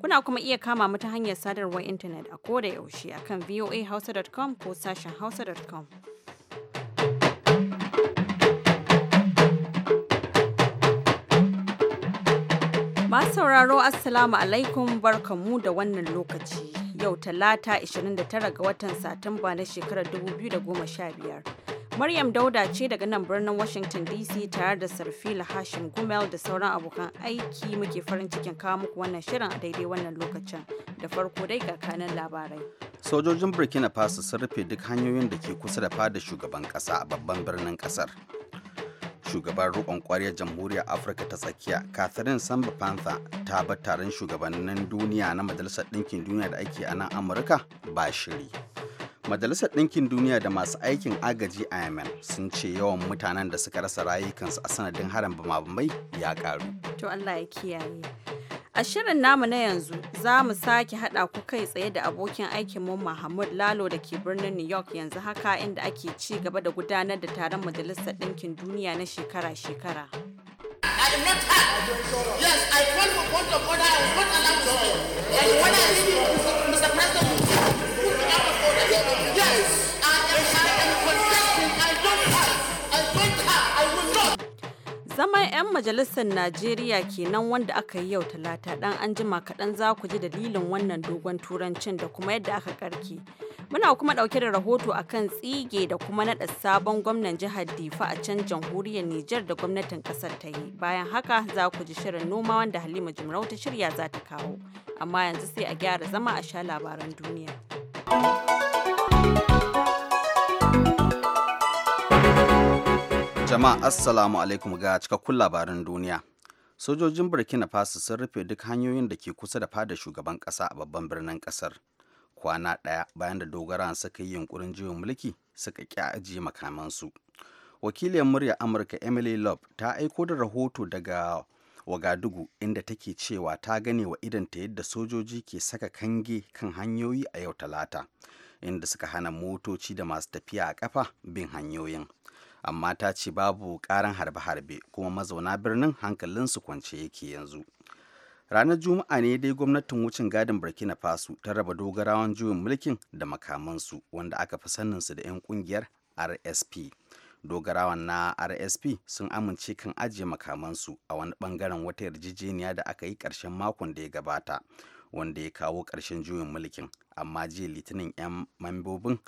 Kuna kuma iya kama mu ta hanyar sadarwar intanet a koda yaushe a akan voahausa.com ko sashen hausa.com. Masu sauraro Assalamu alaikum barkamu da wannan lokaci. Yau talata 29 ga watan Satumba na shekarar 2015. Maryam Dauda ce daga nan birnin Washington DC tare da Sarfila Hashim Gumel da sauran abokan aiki muke farin cikin kawo muku wannan shirin a daidai wannan lokacin. Da farko dai ga kanan labarai. Sojojin Burkina Faso sun rufe duk hanyoyin da ke kusa da fada shugaban kasa a babban birnin kasar. Shugaban rukon kwariyar jamhuriyar Afirka ta tsakiya, Catherine Samba Panther ta bar taron shugabannin duniya na Majalisar Ɗinkin Duniya da ake a nan Amurka ba shiri. Majalisar Ɗinkin Duniya da masu aikin agaji a Yemen sun ce yawan mutanen da suka rasa rayukansu a sanadin harin bamabamai ya karu. To Allah ya kiyaye. A shirin namu na yanzu za mu sake haɗa ku kai tsaye da abokin aikinmu Mahmud Lalo da ke birnin New York yanzu haka inda ake ci gaba da gudanar da taron Majalisar Ɗinkin Duniya na shekara-shekara. zama 'yan majalisar Najeriya kenan wanda aka yi yau talata dan an jima kaɗan za ku ji dalilin wannan dogon turancin da kuma yadda aka karki Muna kuma ɗauke da rahoto akan tsige da kuma naɗa sabon gwamnan jihar Difa a can jamhuriyar Nijar da gwamnatin ƙasar ta yi. Bayan haka za ku ji shirin noma wanda Halima Jimrau ta shirya za ta kawo. Amma yanzu sai a gyara zama a sha labaran duniya. Jama'a Assalamu alaikum ga cikakkun labarin duniya. Sojojin Burkina Faso sun rufe duk hanyoyin da ke kusa da fada shugaban kasa a babban birnin ƙasar. Kwana ɗaya bayan da dogaran suka yi yunkurin juyin mulki suka ƙi ajiye makamansu. Wakiliyar murya Amurka Emily Love ta aiko da rahoto daga Wagadugu inda take cewa ta gane wa ta yadda sojoji ke saka kange kan hanyoyi a yau talata. inda suka hana motoci da masu tafiya a kafa bin hanyoyin amma ta ce babu karan harbe-harbe kuma mazauna birnin hankalinsu kwance yake yanzu ranar juma'a ne dai gwamnatin wucin gadin burkina faso ta raba dogarawan juyin mulkin da makamansu wanda aka fi su da 'yan kungiyar rsp dogarawan na rsp sun amince kan ajiye makamansu a wani bangaren wata yarjejeniya da aka yi ƙarshen makon da ya gabata wanda ya kawo ƙarshen juyin mulkin amma jiya litinin 'yan mambobin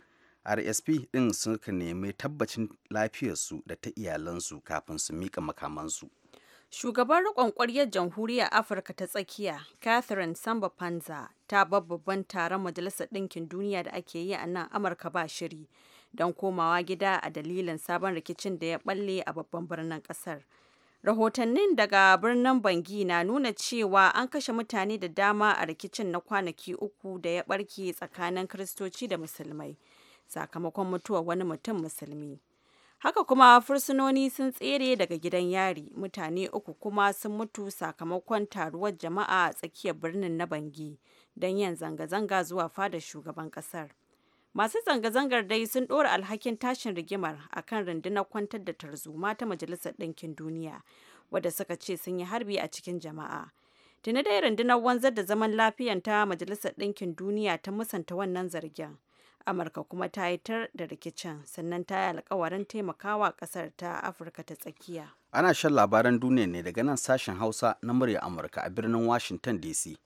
rsp ɗin suka nemi tabbacin lafiyarsu da ta iyalansu kafin su mika makamansu shugaban riƙon ƙwaryar jamhuriyar afirka ta tsakiya catherine samba panza ta babban taron majalisar ɗinkin duniya da ake yi a nan amurka ba shiri don komawa gida a dalilin sabon rikicin da ya ɓalle a babban birnin ƙasar rahotannin daga birnin bangi na nuna cewa an kashe mutane da dama a rikicin na kwanaki uku da ya barke tsakanin kiristoci da musulmai sakamakon mutuwar wani mutum musulmi. Haka kuma fursunoni sun tsere daga gidan yari, mutane uku kuma sun mutu sakamakon taruwar jama'a a tsakiyar birnin na Bangi don yin zanga-zanga zuwa fada shugaban kasar. Masu zanga-zangar dai sun ɗora alhakin tashin rigimar a kan rundunar kwantar da tarzoma ta Majalisar Ɗinkin Duniya, wadda suka ce sun yi harbi a cikin jama'a. Tuni dai rundunar wanzar da zaman lafiyan ta Majalisar Ɗinkin Duniya ta musanta wannan zargin. amurka kuma ta yi tar da rikicin sannan ta yi alkawarin taimakawa kasar ta afirka ta tsakiya ana shan labaran duniya ne daga nan sashen hausa na murya amurka a birnin washington dc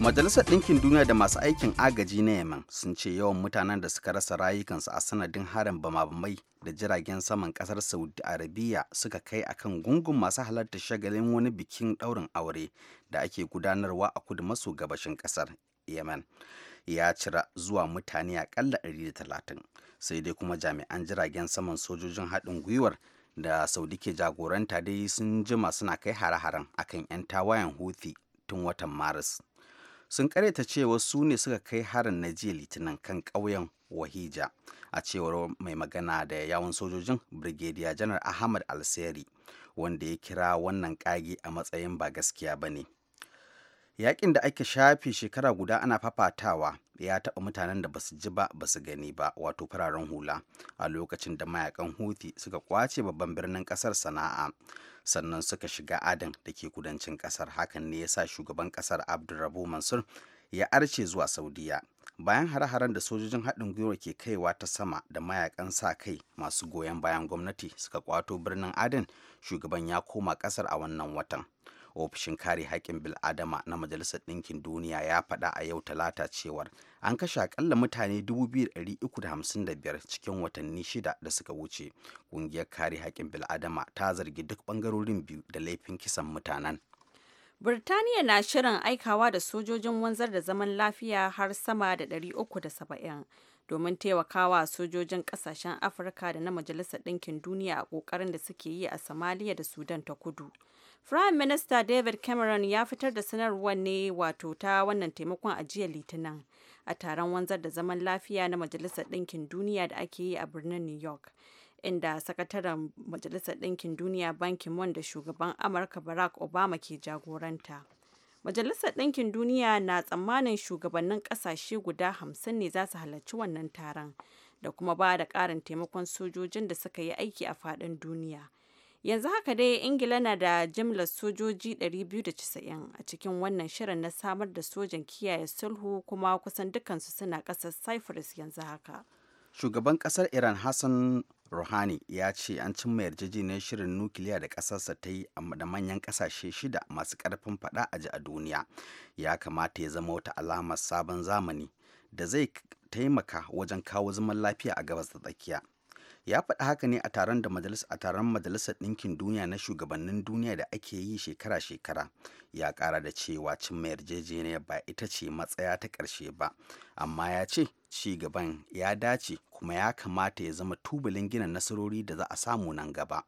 majalisar ɗinkin duniya da masu aikin agaji na yemen sun ce yawan mutanen da suka rasa rayukansu a sanadin harin bamabamai da jiragen saman ƙasar saudi arabiya suka kai akan gungun masu halartar shagalin wani bikin ɗaurin aure da ake gudanarwa a kudu maso gabashin ƙasar yemen ya cira zuwa mutane akalla 130 sai dai kuma jami'an jiragen saman sojojin haɗin gwiwar da saudi ke jagoranta dai sun jima suna kai hare-haren akan 'yan tawayen houthi tun watan maris sun karyata cewa su ne suka kai harin na jiya litinin kan ƙauyen wahija a cewar mai magana da yawon sojojin brigadier janar ahmad alseri wanda ya kira wannan ƙage a matsayin ba gaskiya ba ne yakin da ake shafe shekara guda ana fafatawa ya taɓa mutanen da basu ji ba basu gani ba wato fararen hula a lokacin da mayakan hutu suka kwace babban birnin ƙasar sana'a sannan suka shiga adan da ke kudancin kasar hakan ne ya sa shugaban kasar abdurrabu mansur ya arce zuwa saudiya bayan hare-haren da sojojin haɗin gwiwa ke kaiwa ta sama da mayakan sa kai masu goyon bayan gwamnati suka kwato birnin adan shugaban ya koma kasar a wannan watan ofishin kare haƙƙin bil'adama na majalisar ɗinkin duniya ya faɗa a yau talata cewar an kashe akalla mutane 2,355 cikin watanni shida da suka wuce ƙungiyar kare haƙƙin bil'adama ta zargi duk ɓangarorin biyu da laifin kisan mutanen Birtaniya na shirin aikawa da sojojin wanzar da zaman lafiya har sama da 370 domin taimakawa sojojin kasashen Afirka da na Majalisar Ɗinkin Duniya a ƙoƙarin da suke yi a Somalia da Sudan ta Kudu. Prime Minista David Cameron ya fitar da sanarwar ne wato ta wannan taimakon ajiya Litinin a taron wanzar da zaman lafiya na Majalisar Ɗinkin Duniya da ake yi a birnin New York. Inda sakataren Majalisar Ɗinkin Duniya Bankin ki da shugaban Amurka Barack Obama ke jagoranta. Majalisar Ɗinkin Duniya na tsammanin shugabannin ƙasashe guda hamsin ne za su halarci wannan taron da kuma ba da ƙarin taimakon sojojin da suka yi aiki a faɗin duniya. Yanzu haka dai Ingila na da jimlar sojoji 290 a cikin wannan shirin na samar da sojan kiyaye sulhu kuma kusan dukansu suna ƙasar Cyprus yanzu haka. Shugaban kasar Iran Hassan Rouhani ya ce an cimma yarjejeniyar shirin nukiliya da kasarsa ta yi da manyan kasashe shida masu karfin fada a ji a duniya. Ya kamata ya zama wata alamar sabon zamani da zai taimaka wajen kawo zaman lafiya a gabas da tsakiya. ya faɗi haka ne a taron da majalis a taron majalisar ɗinkin duniya na shugabannin duniya da ake yi shekara-shekara ya kara da cewa cin yarjejeniya ba ita ce matsaya ta ƙarshe ba amma ya ce ci gaban ya dace kuma ya kamata ya zama tubulin gina nasarori da za a samu nan gaba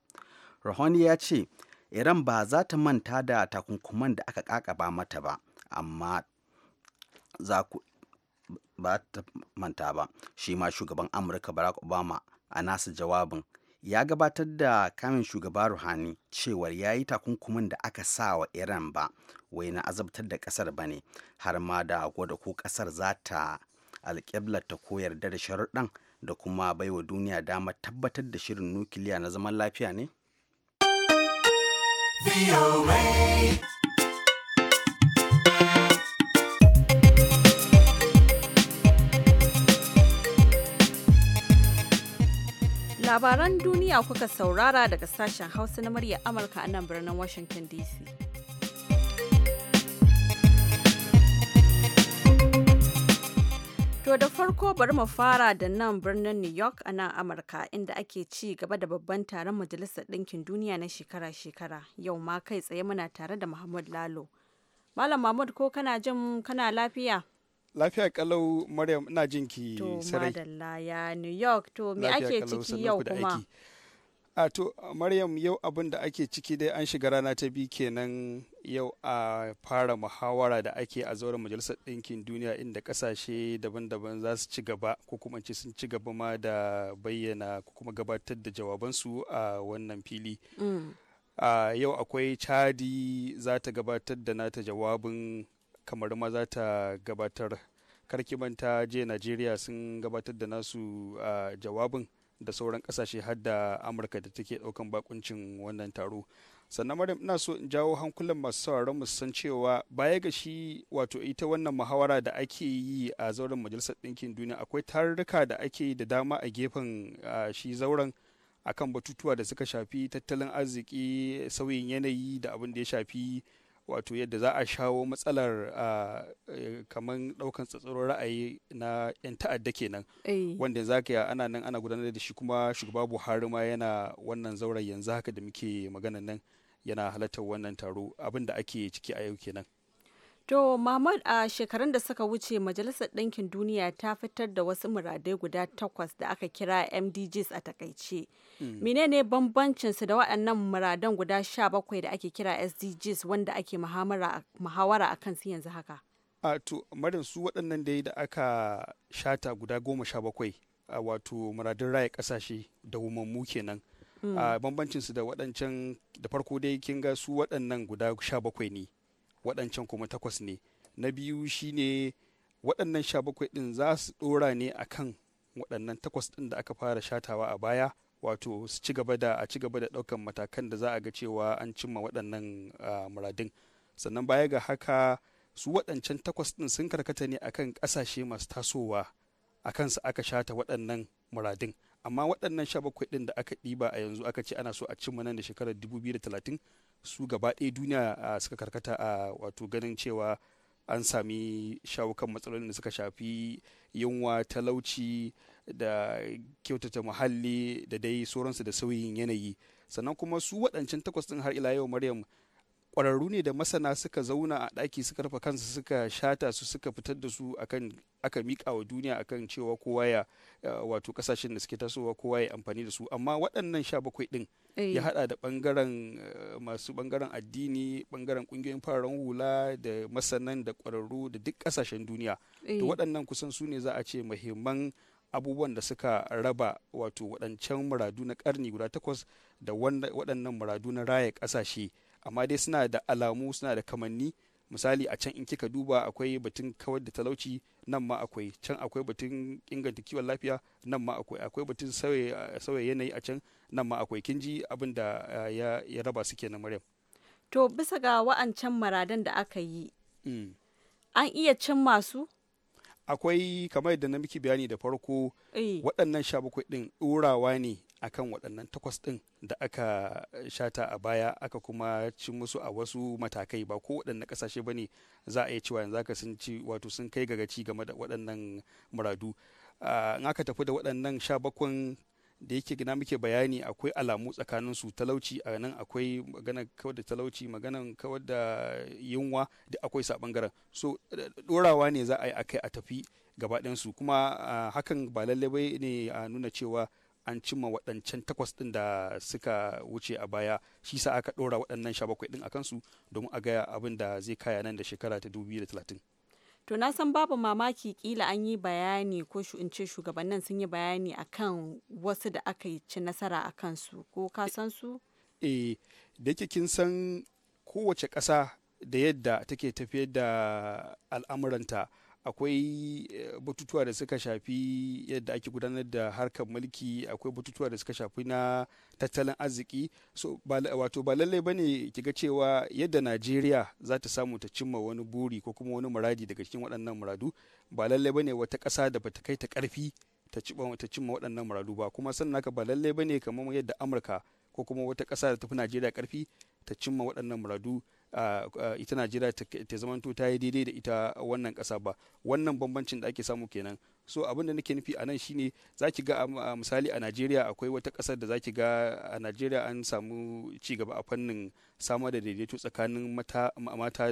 rahoni ya ce iran ba za ta manta da takunkuman da aka ƙaƙaba mata ba amma za ku ba ta manta ba shi ma shugaban amurka barack obama a nasa jawabin ya gabatar da kamin shugaba ruhani cewar ya yi takunkumin da aka sa wa iran ba wai na azabtar da kasar ba ne har ma da gwada ko kasar za ta alƙiblar ta koyar da sharuɗan da kuma baiwa duniya damar tabbatar da shirin nukiliya na zaman lafiya ne? Labaran duniya kuka saurara daga sashen Hausa na murya Amurka a nan birnin Washington DC. To da farko bari mu fara da nan birnin New York a nan Amurka inda ake ci gaba da babban taron Majalisar Ɗinkin Duniya na shekara-shekara. Yau ma kai tsaye muna tare da Muhammad Lalo. Malam Mahmud ko kana jin kana lafiya? Lafiya kalau Maryam ina jin ki sarai. To madalla ya New York to me ake ciki yau kuma? A to Maryam yau abin da ake ciki dai an shiga rana ta biyu kenan yau a fara muhawara da ake a zauren majalisar ɗinkin duniya inda kasashe daban-daban za su ci gaba ko kuma ce sun ci gaba ma da bayyana ko kuma gabatar da jawabansu a wannan fili. Mm. Uh, yau akwai chadi za ta gabatar da nata jawabin kamar maza ta gabatar karki manta jiya najeriya sun gabatar da nasu a jawabin da sauran kasashe hadda amurka da take daukan bakuncin wannan taro sannan maryam ina so in jawo hankulan masu sauraron mu san cewa baya ga shi wato ita wannan muhawara da ake yi a zauren majalisar ɗinkin duniya akwai tarurruka da ake yi da dama a gefen shi zauren akan batutuwa da suka shafi tattalin arziki sauyin yanayi da abin da ya shafi wato yadda za a shawo matsalar eh, kamar ɗaukan tsatsaron ra'ayi na 'yan ta'adda kenan eh. wanda za ka ana nan ana gudanar da shi kuma shugaba buhari ma yana wannan zauren yanzu haka da muke maganan nan yana halartar wannan taro abin da ake ciki a yau kenan To, Mahmud a shekarun da suka wuce Majalisar Ɗinkin Duniya ta fitar da wasu muradai guda takwas da aka kira MDGs a takaice. Hmm. Menene bambancinsu da waɗannan muradan guda sha bakwai da ake kira SDGs wanda ake muhawara a kansu yanzu haka? A to, marin su waɗannan dai da aka shata guda goma sha bakwai a wato muradun raya ƙasashe da umarmu kenan. Hmm. A bambancinsu da waɗancan da farko dai kin ga su waɗannan guda sha bakwai ne. waɗancan kuma takwas ne na biyu shine waɗannan sha bakwai ɗin za su ɗora ne a kan waɗannan takwas ɗin da aka fara shatawa a baya wato su ci gaba da a ci gaba da ɗaukan matakan da za a ga cewa an cimma waɗannan ah, muradin sannan baya ga haka su waɗancan takwas ɗin sun karkata ne akan ƙasashe masu tasowa a kansu aka shata waɗannan muradin amma waɗannan sha bakwai ɗin da aka ɗiba a yanzu aka ce ana so a cimma nan da shekarar 2030 su gaba ɗaya duniya suka karkata a wato ganin cewa an sami shawukan kan matsalolin da suka shafi yunwa talauci da kyautata muhalli da dai sauransu da sauyin yanayi sannan kuma su waɗancan takwas ɗin har ila yau maryam kwararru ne da masana suka zauna a ɗaki suka rufe kansu suka shata su suka fitar da su akan aka miƙa wa duniya akan cewa kowa ya wato kasashen da suke tasowa kowa ya amfani da su amma waɗannan sha bakwai ɗin eh. ya haɗa da ɓangaren eh, masu ɓangaren addini ɓangaren ƙungiyoyin fararen hula da masanan da ƙwararru da duk ƙasashen duniya to eh. waɗannan kusan su ne za a ce muhimman abubuwan da suka raba wato waɗancan muradu na ƙarni guda takwas da waɗannan muradu na raya ƙasashe amma dai suna da alamu suna da kamanni misali a can in kika duba akwai batun kawar da talauci nan ma akwai can akwai batun inganta kiwon lafiya nan ma akwai akwai batun sauya yanayi a can nan ma akwai kin ji abin da eh, ya raba su kenan maryam to bisa ga wa'ancan maradan da aka yi mm. an iya cin masu. akwai kamar da na miki bayani da farko eh. waɗannan sha bakwai ɗin ɗorawa ne akan waɗannan takwas ɗin da aka shata a baya aka kuma ci musu a wasu matakai ba ko waɗannan ƙasashe ba ne za a iya cewa yanzu aka sun ci wato sun kai ci game da waɗannan muradu ah, in aka tafi da waɗannan sha bakwai da yake gina muke bayani akwai alamu tsakanin su talauci a nan akwai magana kawar da talauci magana kawar da yunwa da akwai sa bangaren so dorawa ne za a yi akai a tafi gabaɗin su kuma ah, hakan ba lalle bai ne a nuna cewa an cimma waɗancan takwas ɗin da suka wuce a baya shi sa aka ɗora waɗannan sha bakwai ɗin a kansu domin a gaya abin da zai kaya nan da shekara ta talatin. to na san babu mamaki kila an yi bayani ko in ce shugabannin sun yi bayani akan wasu da aka yi ci nasara a kansu ko ka san su eh da yake kin san kowace ƙasa da yadda take tafiyar da al'amuranta akwai eh, batutuwa da suka shafi yadda ake gudanar da harkar mulki akwai batutuwa da suka shafi na tattalin arziki so wato ba lallai bane kiga cewa yadda najeriya za ta samu ta cimma wani buri ko kuma wani muradi daga cikin waɗannan muradu ba lallai bane wata ƙasa da bata kai ta ƙarfi ta cimma waɗannan muradu ba kuma sannan haka ba lallai bane kamar yadda amurka ko kuma wata ƙasa da tafi najeriya ƙarfi ta cimma waɗannan muradu ita najeriya ta zamanto ta yi daidai da ita wannan kasa ba wannan bambancin da ake samu kenan so abin da nake nufi a nan shine za ki ga um, misali a najeriya akwai wata kasar da za ki ga a najeriya an samu ci gaba a fannin samar da daidaito tsakanin mata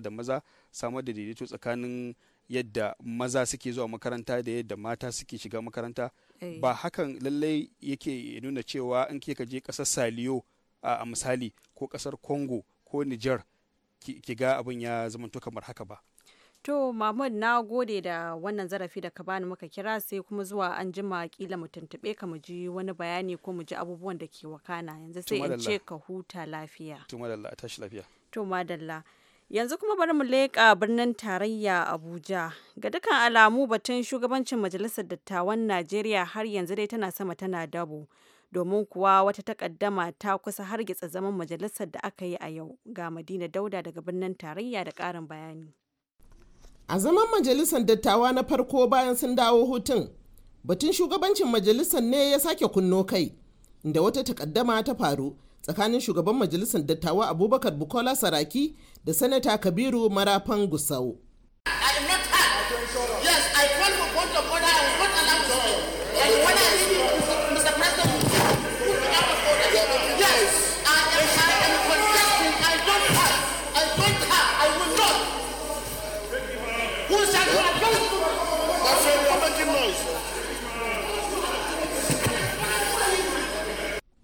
da maza samar da daidaito tsakanin yadda maza suke zuwa makaranta da yadda mata suke shiga makaranta eh. ba hakan lallai yake nuna cewa in ke je kasar saliyo a misali ko ƙasar congo ko niger ki ga abin ya zamanto kamar haka ba To Mahmud na gode da wannan zarafi da ka bani maka kira sai kuma zuwa an jima kila mu tuntuɓe ka mu ji wani bayani ko mu ji abubuwan da ke wakana yanzu sai in ce ka huta lafiya. To tashi lafiya. To madalla. Yanzu kuma bari mu leƙa birnin tarayya Abuja. Ga dukkan alamu batun shugabancin Majalisar Dattawan Najeriya har yanzu dai tana sama tana dabo. domin kuwa wata takaddama ta kusa hargitsa zaman majalisar da aka yi a yau ga madina dauda daga birnin tarayya da karin bayani a zaman majalisar dattawa na farko bayan sun dawo hutun batun shugabancin majalisar ne ya sake kunno kai inda wata takaddama ta faru tsakanin shugaban majalisar dattawa abubakar bukola saraki da sanata kabiru marafan gusau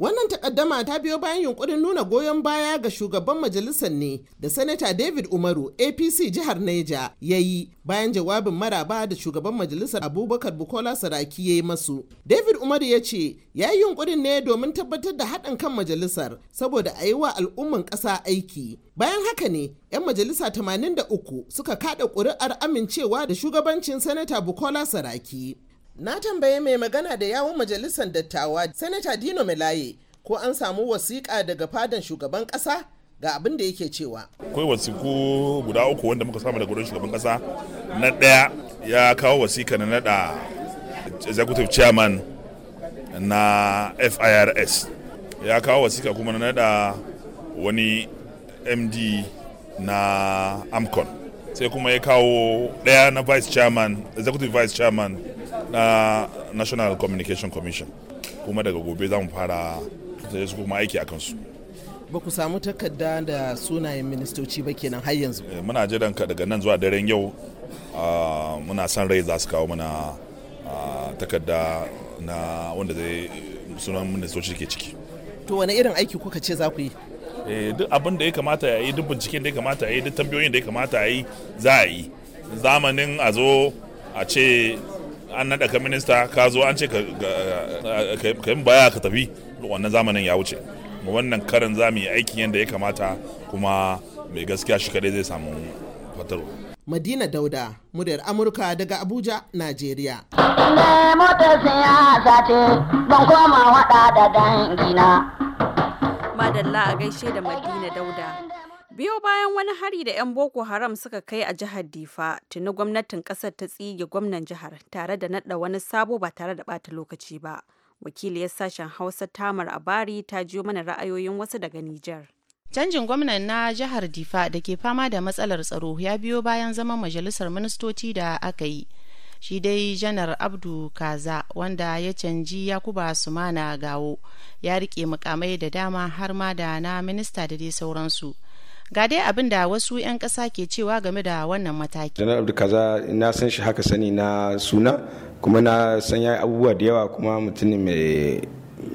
Wannan takaddama ta biyo bayan yunkurin nuna goyon baya ga shugaban majalisar ne da Sanata David Umaru APC jihar Neja ya yi bayan jawabin maraba da shugaban majalisar Abubakar Bukola Saraki ya yi masu. David Umaru ya ce ya yi yunkurin ne domin tabbatar da haɗin kan majalisar saboda a yi wa al'umman ƙasa aiki. Bayan haka ne 'yan majalisa 83 suka kaɗa ƙuri'ar amincewa da shugabancin Sanata Bukola Saraki. na tambayi mai magana da yawun majalisar dattawa sanata dino melaye ko an samu wasiƙa daga fadan shugaban ƙasa ga abin da yake cewa akwai wasiƙu guda uku wanda muka samu daga wurin shugaban ƙasa na ɗaya ya kawo wasiƙa na naɗa executive chairman na firs ya kawo wasiƙa kuma na naɗa wani md na amcon sai kuma ya kawo ɗaya na vice chairman executive vice chairman na national communication commission kuma daga gobe za mu fara sai su kuma aiki a kansu ba ku samu takarda da sunayen ministoci ba kenan har yanzu eh, muna jiran ka daga nan zuwa daren yau ah, muna son rai za su kawo mana ah, takarda na wanda zai sunan ministoci ke ciki to wani irin aiki kuka ce za ku yi eh, duk abin da ya kamata ya yi duk binciken da ya kamata ya yi duk tambayoyin da ya kamata ya yi za a yi zamanin a zo a ce an naɗa ka minista ka zo an ce ka yi baya ka tafi wannan zamanin ya wuce wannan karin za mu yi aikin yadda ya kamata kuma mai gaskiya shi kadai zai samu fatarwa. Madina Dauda, muryar Amurka daga Abuja, Najeriya. Madalla a gaishe da Madina Dauda. Biyo bayan wani hari da 'yan Boko Haram suka kai a jihar Difa, tuni gwamnatin kasar ta tsige gwamnan jihar tare da naɗa wani sabo ba tare da bata lokaci ba. Wakiliyar sashen Hausa Tamar Abari ta jiyo mana ra'ayoyin wasu daga Nijar. Canjin gwamnan na jihar Difa da ke fama da matsalar tsaro ya biyo bayan zaman majalisar ministoci da aka yi. Shi dai janar Abdu Kaza wanda ya canji Yakuba Sumana Gawo ya rike mukamai da dama har ma da na minista da dai sauransu. ga dai abin da wasu 'yan ƙasa ke cewa game da wannan mataki janar abdu kaza na san shi haka sani na suna kuma na san ya abubuwa da yawa kuma mutum ne mai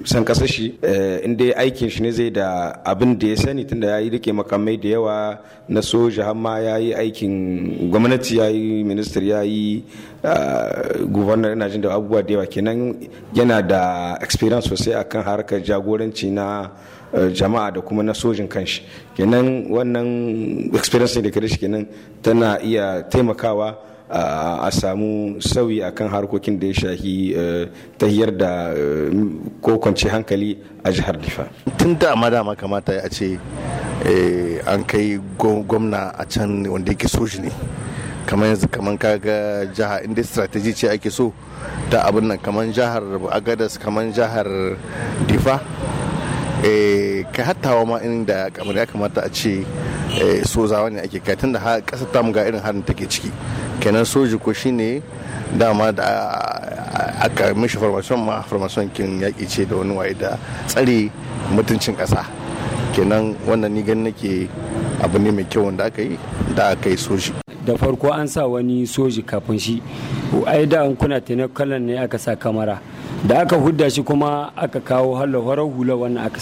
san kasa shi eh, inda ya aikin shi ne zai da abin da ya sani tunda ya yi rike makamai da yawa na soja hamma ya yi aikin gwamnati ya yi ministar ya yi ah, gubernar ina jin da abubuwa da yawa kenan yana da experience sosai akan harkar jagoranci na jama'a da kuma na sojin kanshi kenan wannan experience da shi kenan tana iya taimakawa a samu sauyi akan harkokin da ya shahi e, hiyar da e, kokonci hankali a jihar difa tun da dama kamata a ce e, an kai gwamna a can wanda yake soji ne kamar yanzu kamar kaga jiha inda strategy ce ake so ta abin nan kamar jihar agadas kamar jihar difa Eh, ka hattawa ma in da kamar ya kamata a ce eh, sozawa ne ake kai tun da kasar tamu ga irin harin take ciki kenan soji ko shine dama da aka mishi formation ma formation kin yaƙi ce da wani waye da tsare mutuncin ƙasa kenan wannan ni gan nake abu ne mai kyau wanda aka yi da aka yi soji da farko an sa wani soji kafin shi ai da an kuna kalan ne aka sa kamara da aka hudda shi kuma aka kawo halar hula wannan aka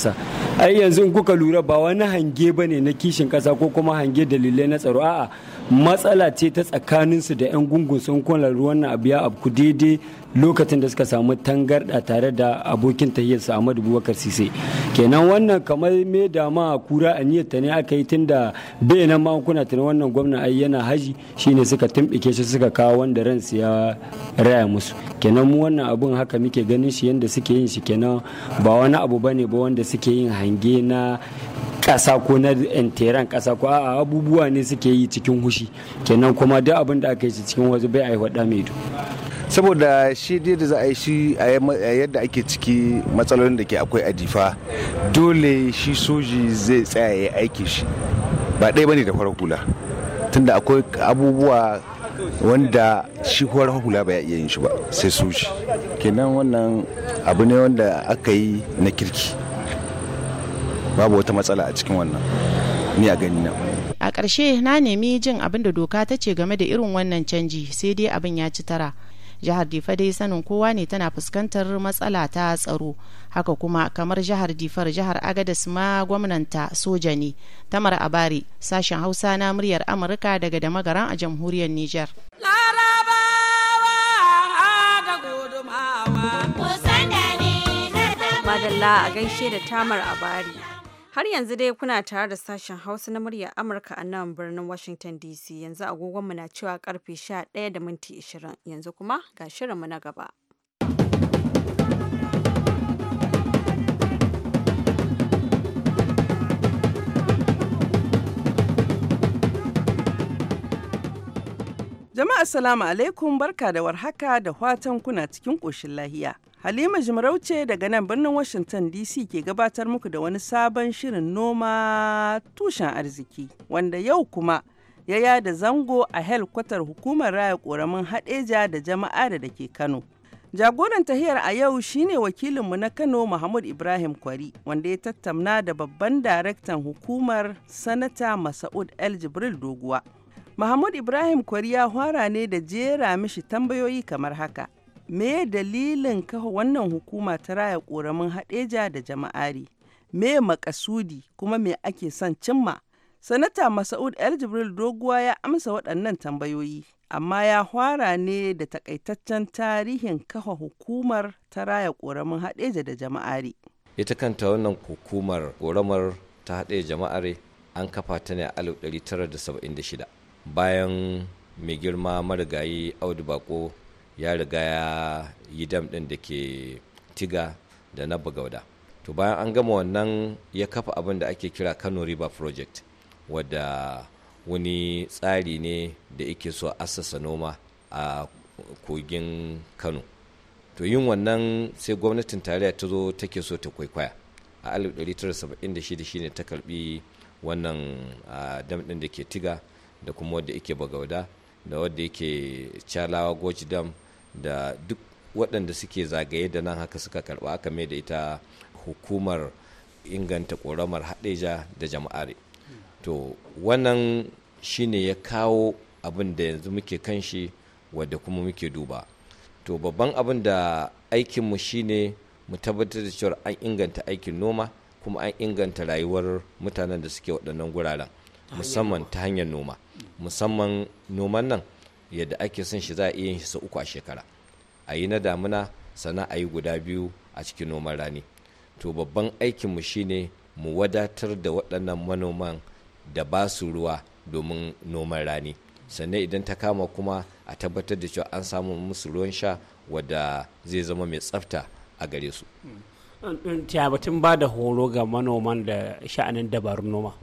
ai yanzu in kuka lura ba wani hange ba ne na kishin kasa ko kuma hange dalilai na tsaro a'a matsala ce ta tsakaninsu da 'yan gungun sun kwana ruwan na abu ya abu daidai lokacin da suka samu tangarda tare da abokin tahiyar su Ahmadu Bubakar Sise kenan wannan kamar me da ma kura aniyar ta ne aka yi da bai nan ma kuna tana wannan gwamna ai yana haji shine suka tumbike shi suka kawo wanda ransu ya raya musu kenan mu wannan abun haka muke ganin shi yanda suke yin shi kenan ba wani abu bane ba wanda suke yin hange na ƙasa ko na teran ƙasa ko a abubuwa ne suke yi cikin hushi kenan kuma duk abin da aka yi cikin wasu bai a da mai saboda shi dai da za a yi shi a yadda ake ciki matsalolin da ke akwai a difa dole shi soji zai tsaya ya aiki shi ba ɗaya bane da farar hula tunda akwai abubuwa wanda shi farar hula ba ya iya yin shi ba sai soji kenan wannan abu ne wanda aka yi na kirki babu wata matsala a cikin wannan ni a gani na a ƙarshe na nemi jin abin da doka ta ce game da irin wannan canji sai dai abin ya ci tara jihar difa dai sanin kowa ne tana fuskantar matsala ta tsaro haka kuma kamar jihar difar jihar agadas ma gwamnanta soja ne tamar abari sashen hausa na muryar amurka daga da magaran a jamhuriyar niger madalla a gaishe da tamar abari Har yanzu dai kuna tare da sashen Hausa na muryar Amurka a nan birnin Washington DC yanzu agogonmu na cewa karfe 11 da minti 20 yanzu kuma ga shirinmu na gaba. Jama'a salamu alaikum barka da warhaka da watan kuna cikin koshin lahiya. Halima Jimarauce daga nan birnin Washington DC ke gabatar muku da wani sabon shirin noma tushen arziki wanda yau kuma ya yada zango a helkwatar hukumar raya ƙoramin haɗeja da jama'a da ke Kano. Jagoran tahiyar a yau shine wakilinmu na Kano Muhammad Ibrahim Kwari wanda ya tattauna da babban daraktan hukumar Sanata Masa'ud El Jibril Doguwa. Mahmud Ibrahim Kwari ya hwara ne da jera mishi tambayoyi kamar haka. Me dalilin kafa wannan hukuma ta raya ƙoramin haɗeja da jama'ari? Me makasudi kuma me ake son cimma? Sanata Masaud El Jibril Doguwa ya amsa waɗannan tambayoyi, amma ya hwara ne da takaitaccen tarihin kafa hukumar ta raya ƙoramin haɗeja da jama'ari. Ita kanta wannan hukumar ƙoramar ta haɗe jama'ari an kafa ta ne a 1976. bayan mai girma marigayi audu bako ya riga ya yi dam ɗin da ke tiga da na bugauda to bayan an gama wannan ya kafa abin da ake kira kano river project wadda wani tsari ne da ike so assasa noma a kogin kano to yin wannan sai gwamnatin tarayya ta zo take so ta kwaikwaya a 1976 shine ta karbi wannan ah, dam ɗin da ke tiga da kuma wadda yake bagauda da wadda yake calawa goji dam da duk waɗanda suke zagaye da nan haka suka karɓa aka mai da ita hukumar inganta ƙoramar haɗeja da jama'are to wannan shine ya kawo abin da yanzu muke kan shi wadda kuma muke duba to babban abin da aikinmu shine mu tabbatar da cewa an inganta aikin noma kuma an inganta rayuwar mutanen da suke waɗannan guraren musamman ta hanyar noma musamman noman nan yadda ake son shi za a iya yin shi sau uku a shekara a yi na damuna sannan a yi guda biyu a cikin noman rani to babban aikinmu shine mu wadatar da waɗannan manoman da ba su ruwa domin noman rani sannan idan ta kama kuma a tabbatar da cewa an samu musu ruwan sha wadda zai zama mai tsafta a gare su. Hmm. batun ba da horo ga manoman da sha'anin dabarun noma.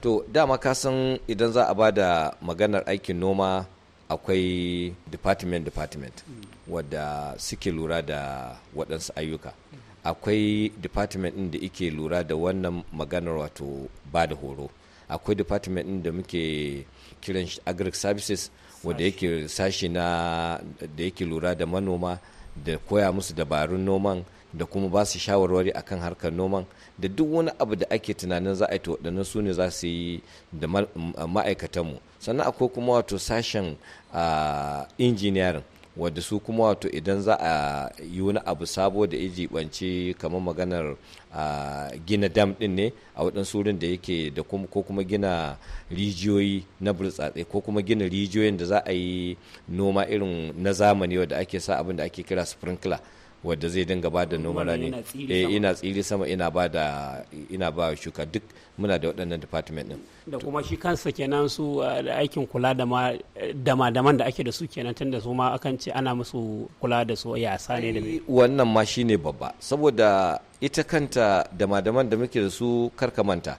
to dama ka san idan za a ba da maganar aikin noma akwai department department wadda suke lura da waɗansu ayyuka akwai department ɗin da ike lura da wannan maganar wato ba da horo akwai department ɗin da muke kiran agric services wadda yake sashi na da yake lura da manoma da koya musu dabarun noman da kuma ba su shawarwari akan harkar noman da duk wani abu da ake tunanin za a yi ta waɗannan su ne za su yi da ma'aikatanmu sannan akwai kuma wato sashen injiniyarin wadda su kuma wato idan za a yi wani abu sabo da iji jibanci kamar maganar gina dam din ne a waɗansu wurin da yake da ko kuma gina rijiyoyi na burtsatse ko kuma gina rijiyoyin da za a yi noma irin na zamani wadda ake sa abin da ake kira sprinkler wadda zai dinga ba da noma rani eh ina tsiri sama ina ba da ina ba shuka duk muna da waɗannan department din da kuma shi kansa kenan su uh, aikin kula da ma dama madaman da ake da su kenan tunda su ma akan ce ana musu kula da su yasa ne da eh, wannan ma shine babba saboda ita kanta dama madaman da muke da su manta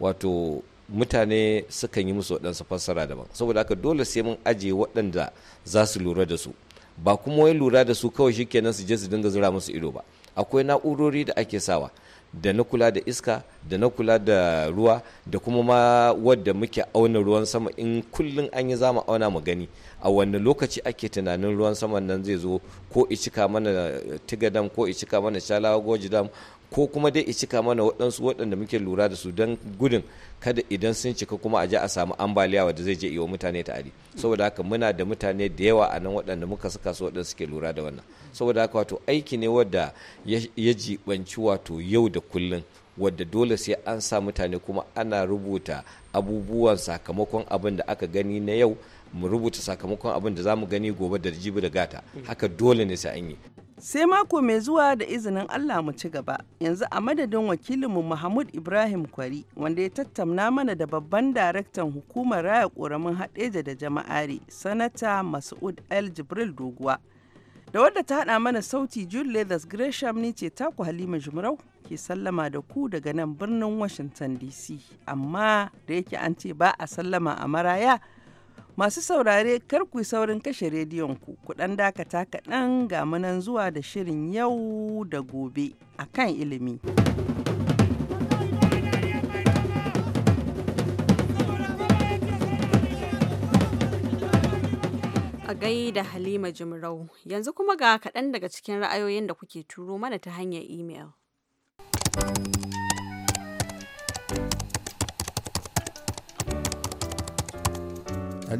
wato mutane sukan yi musu waɗansu fassara daban saboda haka dole sai mun ajiye waɗanda za su lura da su ba kuma wai lura da su kawai shikenan su je su dinga zura musu ido ba akwai na'urori da ake sawa da na kula da iska da na kula da ruwa da kuma ma wadda muke auna ruwan sama in kullum an yi zama auna mu gani a wanne lokaci ake tunanin ruwan saman nan zai zo ko cika mana tigadam ko cika mana shalawa goji dam ko kuma dai cika mana waɗansu waɗanda muke lura da su don gudun kada idan sun cika kuma a je a samu ambaliya wadda zai je iya mutane ta ari saboda haka muna da mutane da yawa a nan waɗanda muka saka su waɗanda suke lura da wannan saboda haka wato aiki ne wadda ya jibanci wato yau da kullum wadda dole sai an sa mutane kuma ana rubuta abubuwan sakamakon abin da aka gani na yau mu rubuta sakamakon abin da za mu gani gobe da jibi da gata haka dole ne sai an yi Sai mako mai zuwa da izinin Allah mu ci gaba, yanzu a madadin wakilinmu Mahmud Ibrahim Kwari wanda ya tattauna mana da babban daraktan hukumar raya ƙoramin haɗeja da jama'ari, Sanata Mas'ud El Jibril Doguwa. Da wadda ta haɗa mana sauti Jude Leathers Gresham ni ce taku Halima Jumrau ke sallama da ku daga nan birnin Washington DC. Amma da yake an ce ba a sallama a maraya. Masu saurare kar ku saurin kashe rediyon ku kuɗan dakata kaɗan ga munan zuwa da shirin yau da gobe a kan ilimi. a da Halima Jimrau. Yanzu kuma ga kaɗan daga cikin ra'ayoyin da kuke turo mana ta hanyar imel.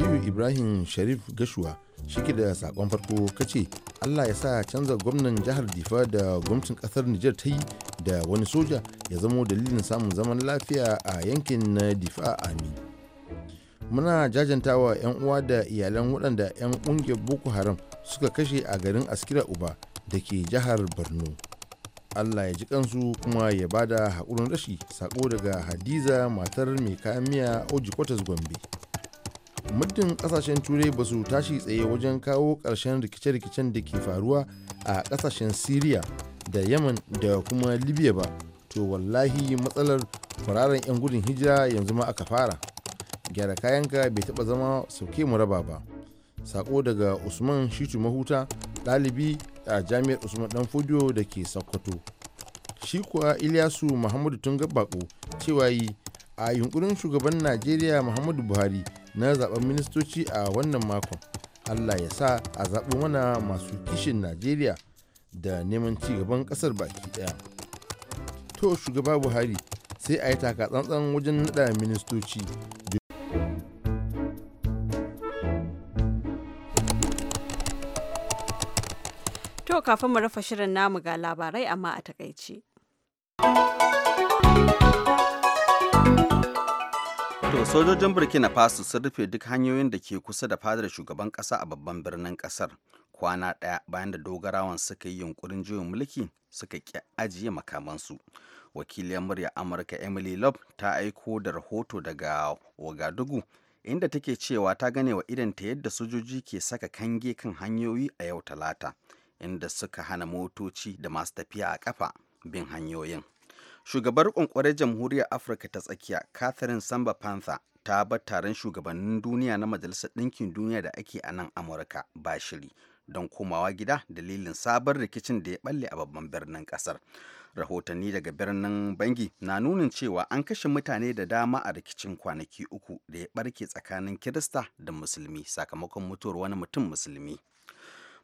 aliyu ibrahim sharif gashuwa shike da sakon farko kace allah ya sa canza gwamnan jihar difa da gwamnatin kasar nijar ta yi da wani soja ya zamo dalilin samun zaman lafiya a yankin na difa amin muna jajantawa 'yan uwa da iyalan waɗanda 'yan ƙungiyar boko haram suka kashe a garin askira uba da ke jihar borno allah ya ji kansu kuma ya bada haƙurin rashi sako daga hadiza matar mai kayan miya oji kwatas gombe muddin kasashen turai ba su tashi tsaye wajen kawo ƙarshen rikice-rikicen da ke faruwa a kasashen syria da yaman da kuma libya ba to wallahi matsalar fararen 'yan gudun hijira yanzu ma aka fara gyara kayanka bai taba zama sauke mu raba ba sako daga usman shitu mahuta ɗalibi a jami'ar usman dan fudio da ke sokoto shi kuwa ilyasu muhammadu tun bako cewa yi a yunkurin shugaban najeriya muhammadu buhari na zaben ministoci a wannan makon allah ya sa a zaɓi mana masu kishin najeriya da neman ci gaban ƙasar baki ɗaya to shugaba buhari sai a yi taka tsantsan wajen naɗa ministoci To kafin mu rufe shirin namu ga labarai amma a takaice. To sojojin Burkina Faso sun rufe duk hanyoyin da ke kusa da fadar shugaban kasa a babban birnin kasar kwana ɗaya bayan da dogarawan suka yi yunkurin juyin mulki suka ki ajiye makamansu. Wakiliyar murya Amurka Emily Love ta aiko da rahoto daga Wagadugu inda take cewa ta gane wa idanta yadda sojoji ke saka kange kan hanyoyi a yau talata inda suka hana motoci da masu tafiya a kafa bin hanyoyin. shugabar kwankwarar jamhuriyar afirka ta tsakiya catherine samba panther ta bar taron shugabannin duniya na majalisar ɗinkin duniya da ake a nan amurka ba shiri don komawa gida dalilin sabon rikicin da ya balle a babban birnin kasar rahotanni daga birnin bangi na nunin cewa an kashe mutane da dama a rikicin kwanaki uku da ya barke tsakanin kirista da musulmi sakamakon mutuwar wani mutum musulmi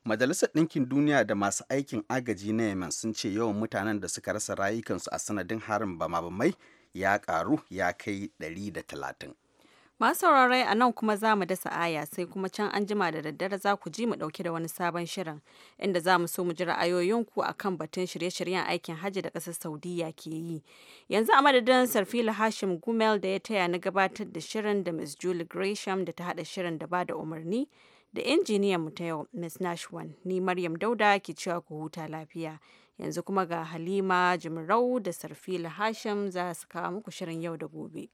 majalisar ɗinkin duniya da masu aikin agaji na yemen sun ce yawan mutanen da suka rasa rayukansu a sanadin harin bama ya ƙaru ya kai 130 masu saurarai a nan kuma za mu dasa aya sai kuma can an jima da daddare za ku ji mu ɗauki da wani sabon shirin inda za mu so mu ji ra'ayoyinku a kan batun shirye-shiryen aikin hajji da ƙasar saudiya ke yi yanzu a madadin sarfila hashim gumel da ya taya na gabatar da shirin da miss julie gresham da ta haɗa shirin da ba da umarni da injiniyan mu ta yau Ms. Nashwan ni Maryam Dauda ke cewa ku huta lafiya. Yanzu kuma ga Halima Jimarau da Sarfila Hashim za su kawo muku shirin yau da gobe.